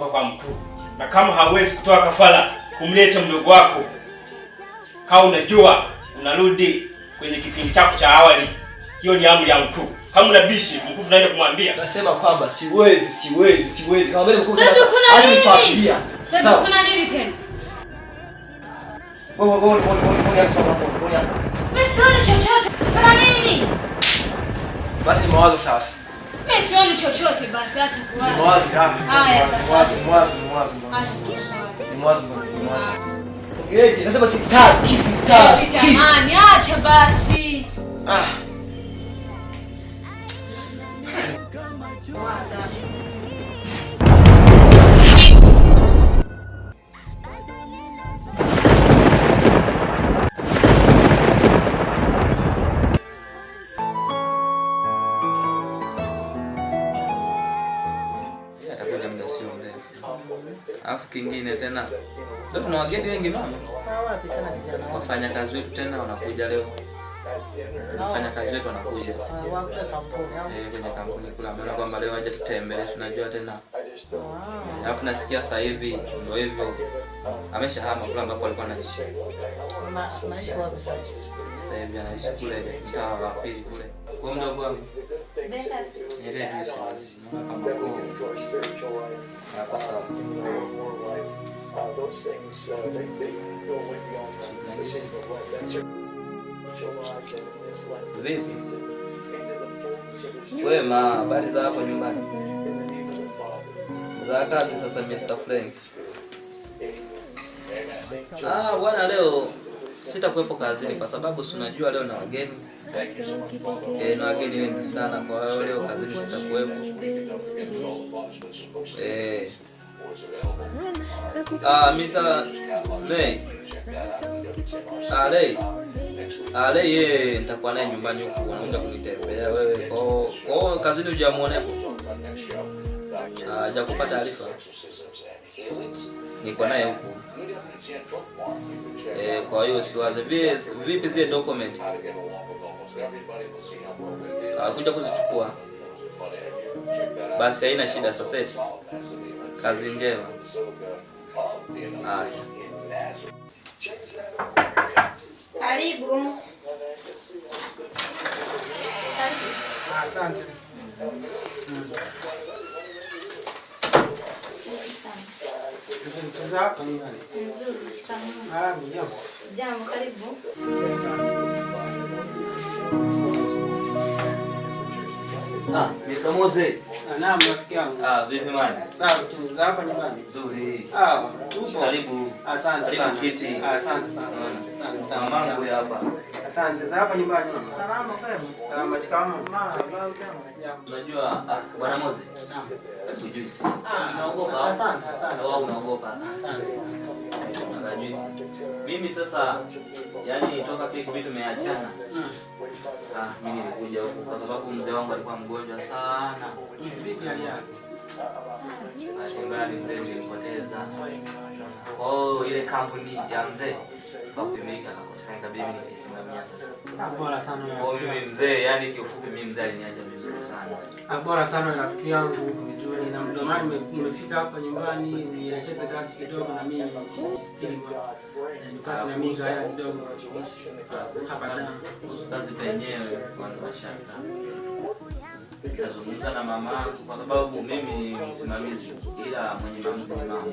kutoka kwa mkuu, na kama hawezi kutoa kafara kumleta mdogo wako, kama unajua unarudi kwenye kipindi chako cha awali. Hiyo ni amri ya mkuu. Kama una bishi mkuu, tunaenda kumwambia nasema kwamba siwezi, siwezi, siwezi. Kama mkuu anafuatilia sasa, kuna nini tena? Wewe wewe wewe wewe, wewe, wewe, ya kwa wewe, wewe, wewe, wewe, wewe, wewe, wewe, wewe, wewe, mimi sioni chochote basi, acha kuwaza. Haya sasa. Acha basi. Ah. Alafu kingine tena ndio tuna wageni wengi mama. Wapi tena vijana? Wafanya kazi wetu tena wanakuja leo. Wafanya kazi wetu wanakuja. Ah, Wakuja kampuni au? Eh, kwenye kampuni kula mbona kwamba leo waje tutembee tunajua tena. Ah. Alafu nasikia sasa hivi ndio hivyo. Ameshahama kula ambapo alikuwa anaishi. Na anaishi wapi sasa? Sasa hivi anaishi kule mtaa wa pili kule. Kwa mdogo wangu. Nenda. Ndio Nenda. Nenda. Nenda. Nenda. Nenda na kwa sawa. Vipi wema, habari za hapo nyumbani za kazi? Sasa Mr. Frank, ah bwana, leo sitakuwepo kazini kwa sababu si unajua leo na wageni e, na wageni wengi sana, kwa hiyo leo kazini sitakuwepo. E, ah, misa lei ah, lei ah, lei yeye nitakuwa naye nyumbani huku, anakuja kunitembelea wewe. Kwa kwao kazini hujamuona hapo, ah, hajakupata taarifa, niko naye huku E, kwa hiyo usiwaze vipi zile document akuja kuzichukua, basi haina shida. Saseti kazi njema. Haya, karibu. Asante. Hmm. Ah, Mr. Mose. Naam, rafiki yangu. Ah, vipi man? Sawa, tunaanza hapa nyumbani. Nzuri. Ah, tupo. Karibu. Asante sana. Karibu kiti. Asante sana. Asante sana. Mambo ya hapa. Asante. Za hapa nyumbani. Salama kwema. Salama shikamo. Unajua ah, Bwana Moze. Naam. Ah, naogopa. Asante, asante. Wao unaogopa. Asante. Najuisi. Mimi sasa yani toka pia kibi tumeachana. Mm. Ah, mimi nilikuja huku kwa sababu mzee wangu alikuwa mgonjwa sana. Mm. Vipi hali yake? Mbali mzee nilimpoteza. Kwa hiyo ile kampuni ya mzee pakutumika na kosa ikabidi bora sana mzee, yani kiufupi mimi mzee aliniacha vizuri sana. Ah, bora sana rafiki yangu vizuri, na ndio maana nimefika hapa nyumbani nielekeze kazi kidogo na mimi stili mwa na mimi gaya kidogo hapa na kazi penyewe kwa mashaka. Nikazungumza na mama kwa sababu mimi ni msimamizi ila mwenye maamuzi ni mama.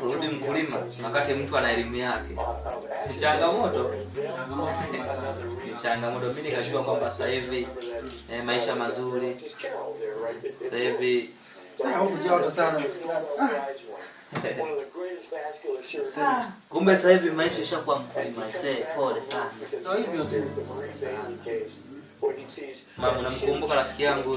kurudi mkulima wakati mtu ana elimu yake ni changamoto, ni changamoto. Mimi nikajua kwamba sasa hivi eh, maisha mazuri sasa hivi ah, ah. kumbe sasa hivi maisha ishakuwa mkulima. Pole sana, ndio hivyo tu. Mama, namkumbuka rafiki yangu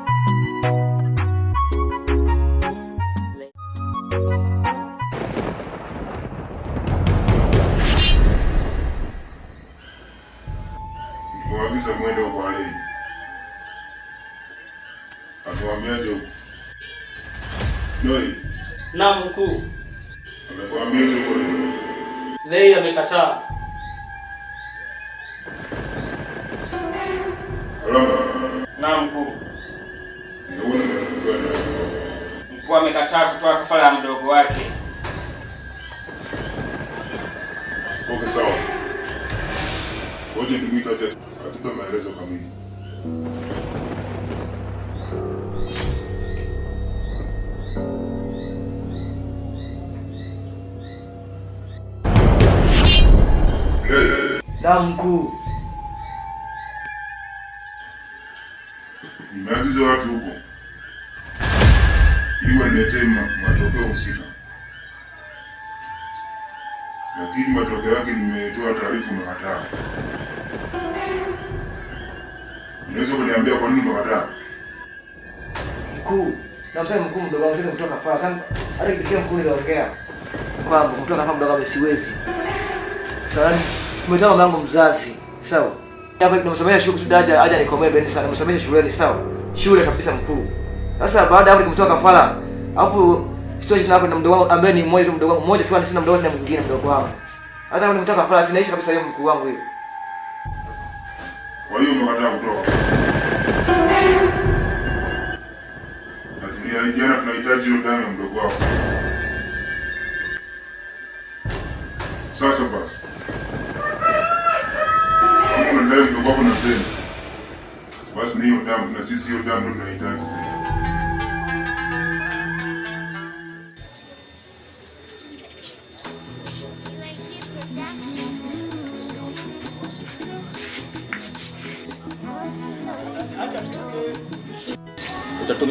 kabisa mwende huko Alei. Akamwambiaje huko? Noi. Naam mkuu. Amekwambiaje huko Lei? Lei amekataa. Kalamba. Naam mkuu. mkuu amekataa kutoa kafara ya mdogo wake. Okay, sawa. Ngoja nimwite katiba maelezo kamili. Mkuu, nimeagiza watu huko ili waniletee matokeo husika, lakini matokeo yake nimetoa taarifa hatari Unaweza kuniambia kwa nini umekataa? Mkuu, naomba mkuu, mdogo wangu sasa kutoka fara kama hata kidogo mkuu ni niliongea kwamba mtu kama mdogo wangu siwezi. Sawa, mmoja wa yangu mzazi. Sawa. Hapa ndio msamaha shule kusudi aje nikomee bendi sana. Msamaha shule ni sawa? Shule kabisa mkuu. Sasa baada ya hapo nikimtoa kafara, alafu situation yako na mdogo wangu ambaye ni mmoja mdogo wangu mmoja tu, ana sina mdogo na mwingine mdogo wangu. Hata kama nimtoa kafara sinaishi kabisa hiyo mkuu wangu hiyo. Kwa hiyo umekataa kutoka. jana tunahitaji hiyo ndani ya mdogo wako. Sasa basi, kama unadai mdogo wako na peni, basi ni hiyo damu, na sisi hiyo damu ndio tunahitaji zaidi.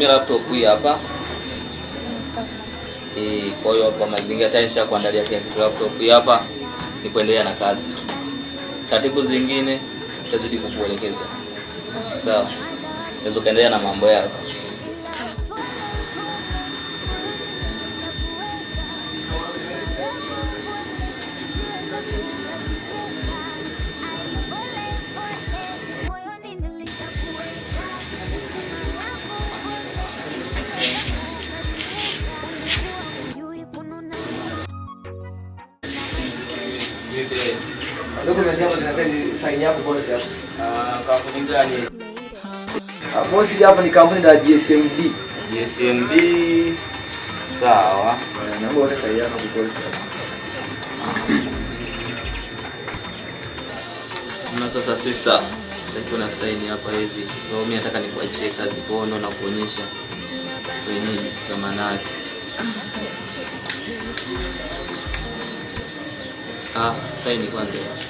tumia laptop hii hapa e. Kwa hiyo hapa mazingira tayari nisha kuandalia kila kitu, laptop hii hapa ni kuendelea na kazi. Taratibu zingine tazidi kukuelekeza, sawa? naweza ukaendelea na mambo yako. document hapo zinasema sign yako ni kampuni la GSMD. GSMD. Sawa. Na bora sign yako boss Na sasa sister, ndio na sign hapa hivi. So mimi nataka nikuachie kazi kono na kuonyesha wenyewe jinsi kama nake. Ah, saini kwanza.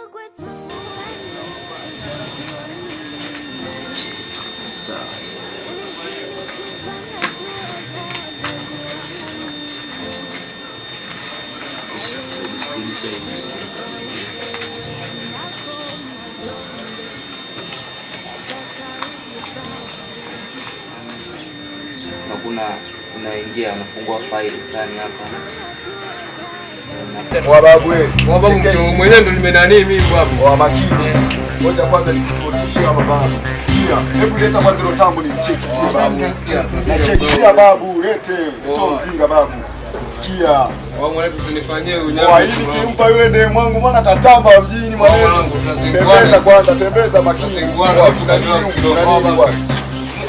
naingia nafungua faili fulani hapa. Wa babu wewe. Wa babu mtu mwenyewe ndo nimenani mimi babu. Wa makini. Ngoja kwanza nikutishie wa babu. Sikia, hebu leta kwanza ile tambo ni cheki nicheki. Babu sikia. Na cheki sikia babu, lete mto mzinga babu. Sikia. Wa mwanangu tunifanyie unyama. Wa hivi kimpa yule ndiye mwangu mwana tatamba mjini mwanangu. Tembeza kwanza, tembeza makini.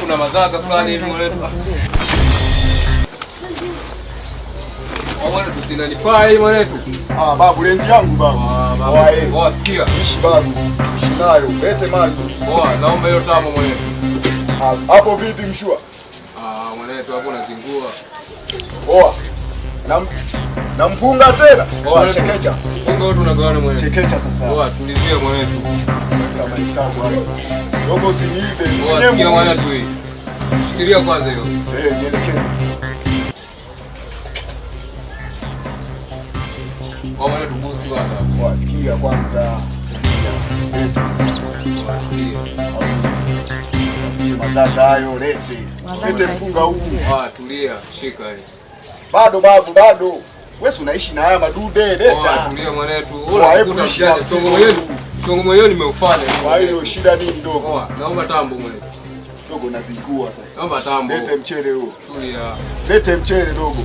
Kuna mazaga fulani hivi mwanangu. Ah, babu lenzi yangu babu. Ah, babu. Oa, sikia. Ishi babu. Ishi nayo. Lete mali. Oa, naomba hiyo tamu mwenetu. Hapo vipi mshua? Ah, mwenetu hapo nazingua. Oa. Na na mpunga tena. Oa, chekecha. Mpunga wetu unagawana mwenetu. Chekecha sasa. Oa, tulizie mwenetu. Kama hesabu hapo. Dogo usiniibe. Oa, sikia mwenetu hii. Fikiria kwanza hiyo. Eh, nielekeze. wasikia kwanza mazaka hayo, lete lete mpunga huu. Ah, tulia, shika hii. Bado babu, bado wewe unaishi na haya madude, leta. Ah, tulia mwanetu, Kwa hiyo shida nini ndogo? Ah, naomba tambo mwanetu dogo, nazingua sasa. Naomba tambo, lete mchele huo. Tulia, lete mchele dogo.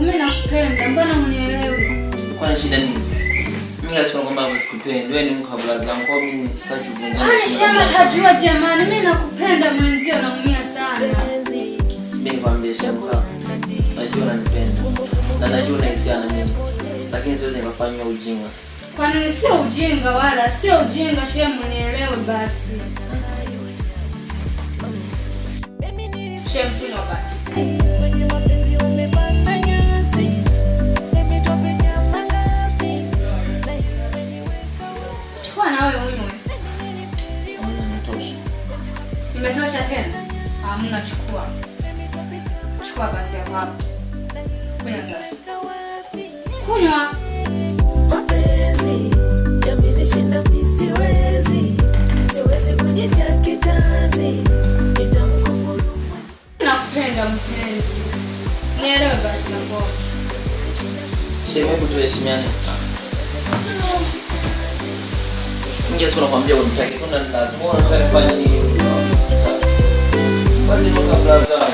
Mimi nakupenda, mbona unielewi? Kwa shida nini? Mimi nasema kwamba sikupendi. Wewe ni mko zangu. Kwa mimi sitaki tajua jamani. Mimi nakupenda mwenzio naumia sana. Mimi nikwambie Najua unanipenda. Na najua na mimi. Lakini siwezi ujinga. Kwa nini sio ujinga wala sio ujinga, nielewe basi. Hmm. basi. lazima wewe unywe. Imetosha. Imetosha tena. Hamna chukua. Chukua basi hapo hapo. Kunywa sasa. Kunywa. Nielewe basi na kwa. Sema hebu tuheshimiane. mwingine siku nakwambia mtaki kuna lazima unataka kufanya nini? Basi mkabraza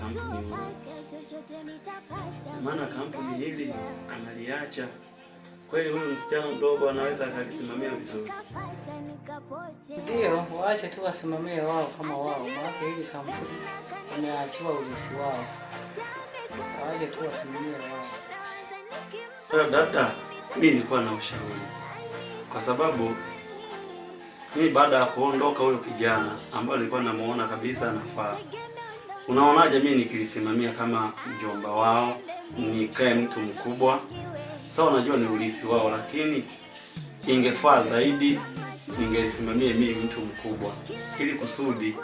kampuni huo, maana kampuni hili analiacha kweli. Huyu msichana mdogo anaweza akalisimamia vizuri. Ndio, waache tu wasimamie wao kama wao, maana hili kampuni wameachiwa urisi wao, waache tu wasimamie wao. Dada, mimi nilikuwa na ushauri, kwa sababu mi baada ya kuondoka huyo kijana ambayo nilikuwa namuona kabisa anafaa Unaonaje mimi nikilisimamia kama mjomba wao, nikae mtu mkubwa? Sawa, unajua ni ulisi wao, lakini ingefaa zaidi ningelisimamia mimi mtu mkubwa, ili kusudi